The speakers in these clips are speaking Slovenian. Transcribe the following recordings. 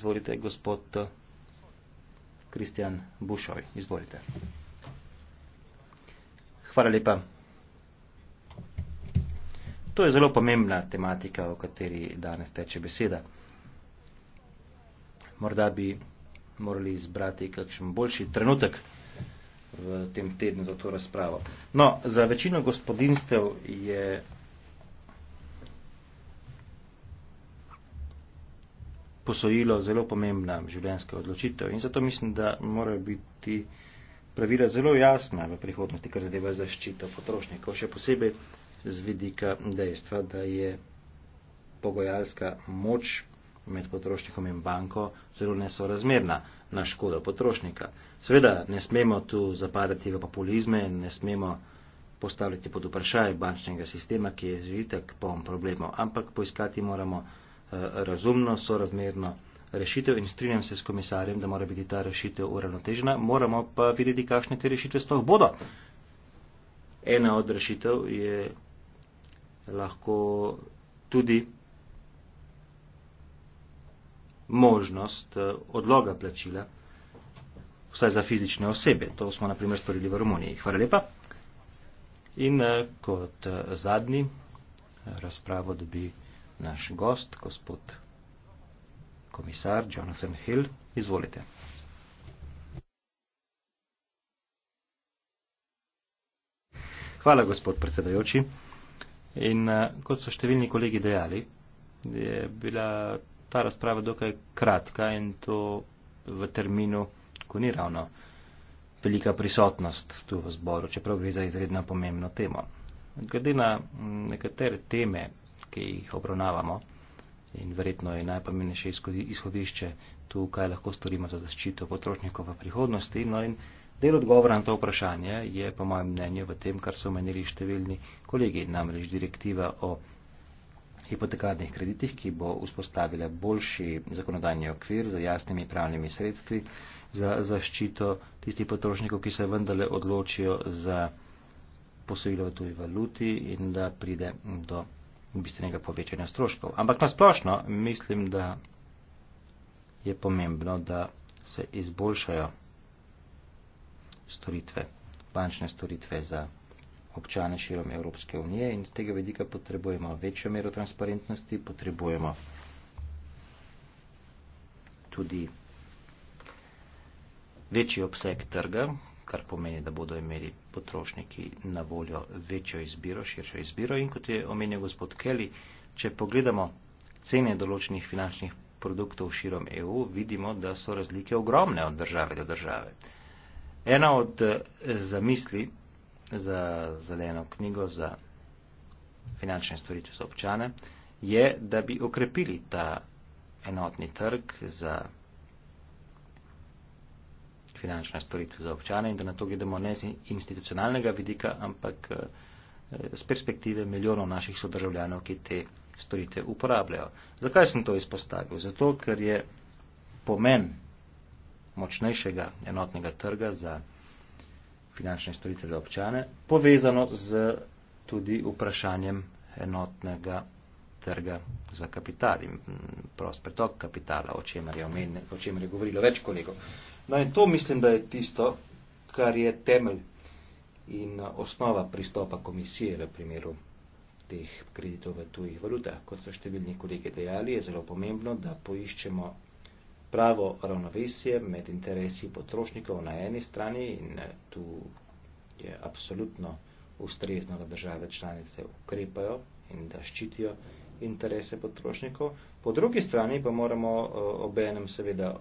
Izvolite, gospod eh, Kristjan Bušoj. Izvolite. Hvala lepa. To je zelo pomembna tematika, o kateri danes teče beseda. Morda bi morali izbrati kakšen boljši trenutek v tem tednu za to razpravo. No, za večino gospodinstev je posojilo zelo pomembna življenjska odločitev in zato mislim, da morajo biti pravila zelo jasna v prihodnosti, kar zadeva zaščito potrošnikov, še posebej z vidika dejstva, da je pogojalska moč med potrošnikom in banko zelo nesorazmerna na škodo potrošnika. Seveda ne smemo tu zapadati v populizme, ne smemo postavljati pod vprašaj bančnega sistema, ki je že itak poln problemov, ampak poiskati moramo Eh, razumno, sorazmerno rešitev in strinjam se s komisarjem, da mora biti ta rešitev uravnotežena. Moramo pa videti, kakšne te rešitve sploh bodo. Ena od rešitev je lahko tudi možnost eh, odloga plačila, vsaj za fizične osebe. To smo naprimer storili v Romuniji. Hvala lepa. In eh, kot zadnji razpravo dobi naš gost, gospod komisar Jonathan Hill. Izvolite. Hvala, gospod predsedajoči. In eh, kot so številni kolegi dejali, je bila ta razprava dokaj kratka in to v terminu, ko ni ravno velika prisotnost tu v zboru, čeprav gre za izredno pomembno temo. Glede na nekatere teme, ki jih obravnavamo. In verjetno je najpomembnejše izhodišče tu, kaj lahko storimo za zaščito potrošnikov v prihodnosti. No in del odgovora na to vprašanje je, po mojem mnenju, v tem, kar so omenili številni kolegi, namreč direktiva o hipotekarnih kreditih, ki bo vzpostavila boljši zakonodajni okvir za jasnimi pravnimi sredstvi za zaščito tistih potrošnikov, ki se vendarle odločijo za posojilo v tuji valuti in da pride do bistvenega povečanja stroškov. Ampak na splošno mislim, da je pomembno, da se izboljšajo storitve, bančne storitve za občane širom Evropske unije in z tega vedika potrebujemo večjo mero transparentnosti, potrebujemo tudi večji obseg trga, kar pomeni, da bodo imeli potrošniki na voljo večjo izbiro, širšo izbiro. In kot je omenil gospod Kelly, če pogledamo cene določenih finančnih produktov širom EU, vidimo, da so razlike ogromne od države do države. Ena od eh, zamisli za zeleno knjigo za finančne storitve za občane je, da bi okrepili ta enotni trg za finančne storitve za občane in da na to gledamo ne z institucionalnega vidika, ampak eh, z perspektive milijonov naših sodržavljanov, ki te storitve uporabljajo. Zakaj sem to izpostavil? Zato, ker je pomen močnejšega enotnega trga za finančne storitve za občane povezano z tudi vprašanjem enotnega trga za kapital in prost pretok kapitala, o čemer je, omen, o čemer je govorilo več kolegov. No in to mislim, da je tisto, kar je temelj in eh, osnova pristopa komisije v primeru teh kreditov v tujih valutah. Kot so številni kolegi dejali, je zelo pomembno, da poiščemo pravo ravnovesje med interesi potrošnikov na eni strani in eh, tu je absolutno ustrezno, da države članice ukrepajo in da ščitijo interese potrošnikov. Po drugi strani pa moramo eh, obenem seveda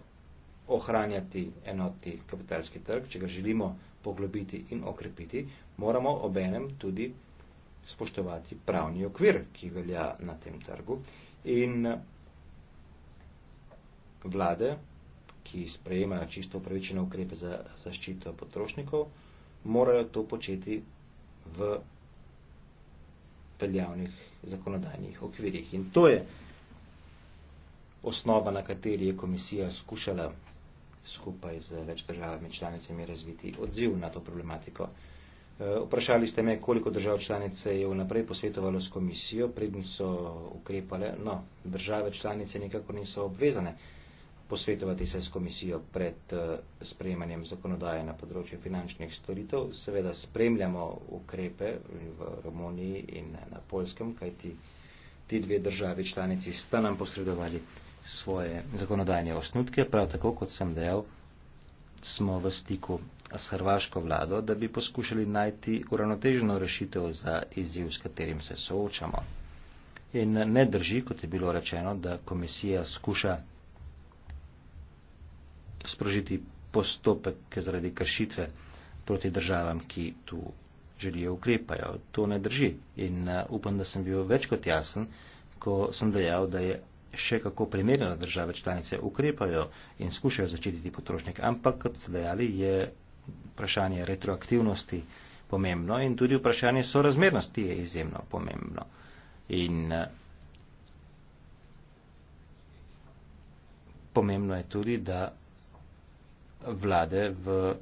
ohranjati enoti kapitalski trg, če ga želimo poglobiti in okrepiti, moramo obenem tudi spoštovati pravni okvir, ki velja na tem trgu. In vlade, ki sprejemajo čisto upravičene ukrepe za zaščito potrošnikov, morajo to početi v veljavnih zakonodajnih okvirih. In to je osnova, na kateri je komisija skušala skupaj z več državami članicami razviti odziv na to problematiko. E, vprašali ste me, koliko držav članice je vnaprej posvetovalo s komisijo, predn so ukrepale. No, države članice nekako niso obvezane posvetovati se s komisijo pred e, sprejemanjem zakonodaje na področju finančnih storitev. Seveda spremljamo ukrepe v Romuniji in na Polskem, kajti ti dve državi članici sta nam posredovali svoje zakonodajne osnutke, prav tako kot sem dejal, smo v stiku s hrvaško vlado, da bi poskušali najti uravnoteženo rešitev za izziv, s katerim se soočamo. In ne drži, kot je bilo rečeno, da komisija skuša sprožiti postopek zaradi kršitve proti državam, ki tu želijo ukrepajo. To ne drži. In uh, upam, da sem bil več kot jasen, ko sem dejal, da je še kako primerjeno države članice ukrepajo in skušajo začititi potrošnik, ampak, kot ste dejali, je vprašanje retroaktivnosti pomembno in tudi vprašanje sorazmernosti je izjemno pomembno. In pomembno je tudi, da vlade v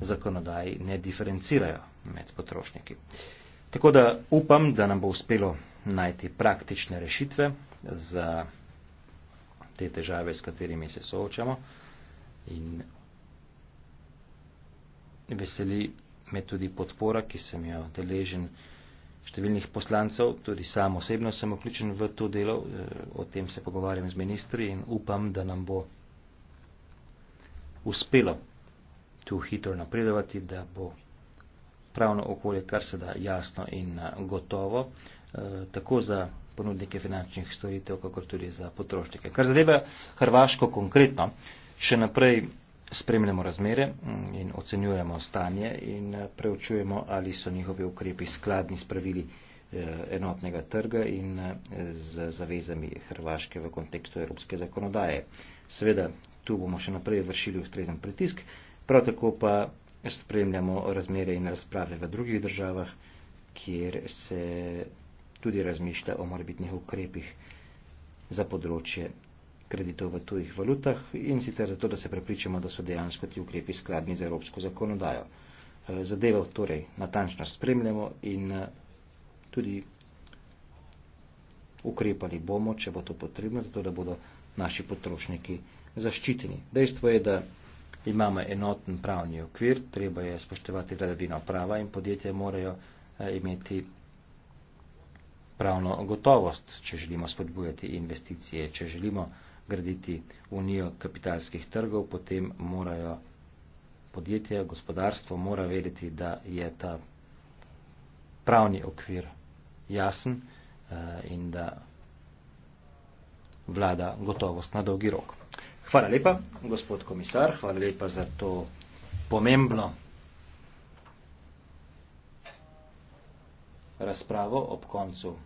zakonodaji ne diferencirajo med potrošniki. Tako da upam, da nam bo uspelo najti praktične rešitve za te težave, s katerimi se soočamo. In veseli me tudi podpora, ki sem jo deležen številnih poslancev, tudi sam osebno sem vključen v to delo, eh, o tem se pogovarjam z ministri in upam, da nam bo uspelo tu hitro napredovati, da bo pravno okolje kar se da jasno in eh, gotovo, eh, tako za ponudnike finančnih storitev, kakor tudi za potrošnike. Kar zadeva Hrvaško konkretno, še naprej spremljamo razmere mm, in ocenjujemo stanje in eh, preučujemo, ali so njihovi ukrepi skladni s pravili enotnega trga in z zavezami Hrvaške v kontekstu evropske zakonodaje. Seveda, tu bomo še naprej vršili ustrezen pritisk, prav tako pa spremljamo razmere in razprave v drugih državah, kjer se tudi razmišlja o morbitnih ukrepih za področje kreditov v tujih valutah in sicer zato, da se prepričamo, da so dejansko ti ukrepi skladni z evropsko zakonodajo. E, zadevo torej natančno spremljamo in e, tudi ukrepali bomo, če bo to potrebno, zato da bodo naši potrošniki zaščiteni. Dejstvo je, da imamo enoten pravni okvir, treba je spoštevati vladavino prava in podjetje morajo eh, imeti pravno gotovost, če želimo spodbujati investicije, če želimo graditi unijo kapitalskih trgov, potem morajo podjetja, gospodarstvo mora vedeti, da je ta pravni okvir jasen eh, in da vlada gotovost na dolgi rok. Hvala lepa, gospod komisar, hvala lepa za to pomembno razpravo ob koncu